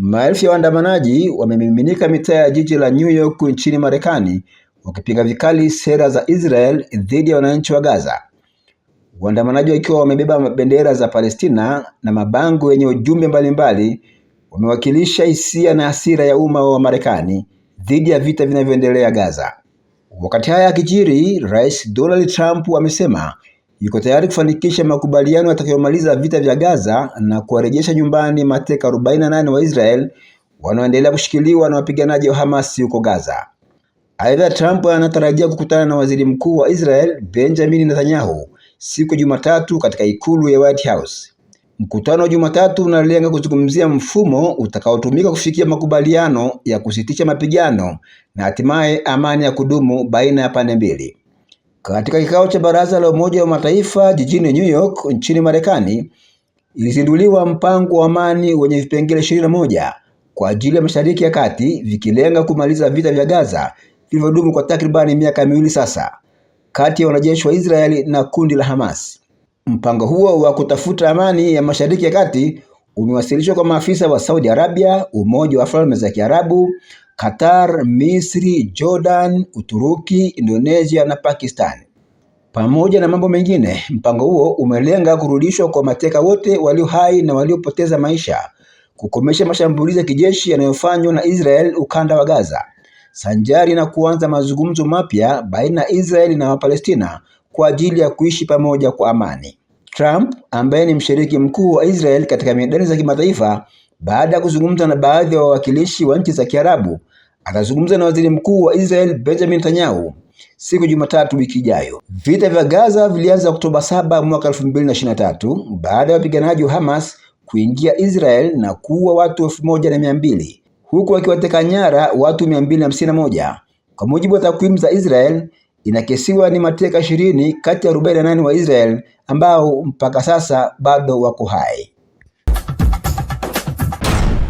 Maelfu ya waandamanaji wamemiminika mitaa ya jiji la New York nchini Marekani wakipinga vikali sera za Israel dhidi ya wananchi wa Gaza. Waandamanaji wakiwa wamebeba bendera za Palestina na mabango yenye ujumbe mbalimbali wamewakilisha hisia na hasira ya umma wa Marekani dhidi ya vita vinavyoendelea Gaza. Wakati haya yakijiri, Rais Donald Trump amesema yuko tayari kufanikisha makubaliano yatakayomaliza vita vya Gaza na kuwarejesha nyumbani mateka 48 wa Israel wanaoendelea kushikiliwa na wapiganaji wa hamas huko Gaza. Aidha, Trump anatarajia kukutana na waziri mkuu wa Israel Benjamin Netanyahu siku ya Jumatatu katika ikulu ya White House. Mkutano wa Jumatatu unalenga kuzungumzia mfumo utakaotumika kufikia makubaliano ya kusitisha mapigano na hatimaye amani ya kudumu baina ya pande mbili. Katika kikao cha baraza la Umoja wa Mataifa jijini New York nchini Marekani, ilizinduliwa mpango wa amani wenye vipengele ishirini na moja kwa ajili ya Mashariki ya Kati, vikilenga kumaliza vita vya Gaza vilivyodumu kwa takribani miaka miwili sasa, kati ya wanajeshi wa Israeli na kundi la Hamas. Mpango huo wa kutafuta amani ya Mashariki ya Kati umewasilishwa kwa maafisa wa Saudi Arabia, Umoja wa Falme za Kiarabu, Qatar, Misri, Jordan, Uturuki, Indonesia na Pakistan. Pamoja na mambo mengine, mpango huo umelenga kurudishwa kwa mateka wote walio hai na waliopoteza maisha, kukomesha mashambulizi ya kijeshi yanayofanywa na Israel ukanda wa Gaza, sanjari na kuanza mazungumzo mapya baina ya Israel na Wapalestina kwa ajili ya kuishi pamoja kwa amani. Trump ambaye ni mshiriki mkuu wa Israel katika medani za kimataifa, baada ya kuzungumza na baadhi ya wa wawakilishi wa nchi za Kiarabu, atazungumza na waziri mkuu wa Israel Benjamin Netanyahu siku Jumatatu wiki ijayo. Vita vya Gaza vilianza Oktoba 7 mwaka 2023 baada ya wapiganaji wa Hamas kuingia Israel na kuua watu elfu moja na mia mbili huku wakiwateka nyara watu mia mbili hamsini na moja kwa mujibu wa takwimu za Israel. Inakisiwa ni mateka ishirini kati ya arobaini na nane wa Israel ambao mpaka sasa bado wako hai.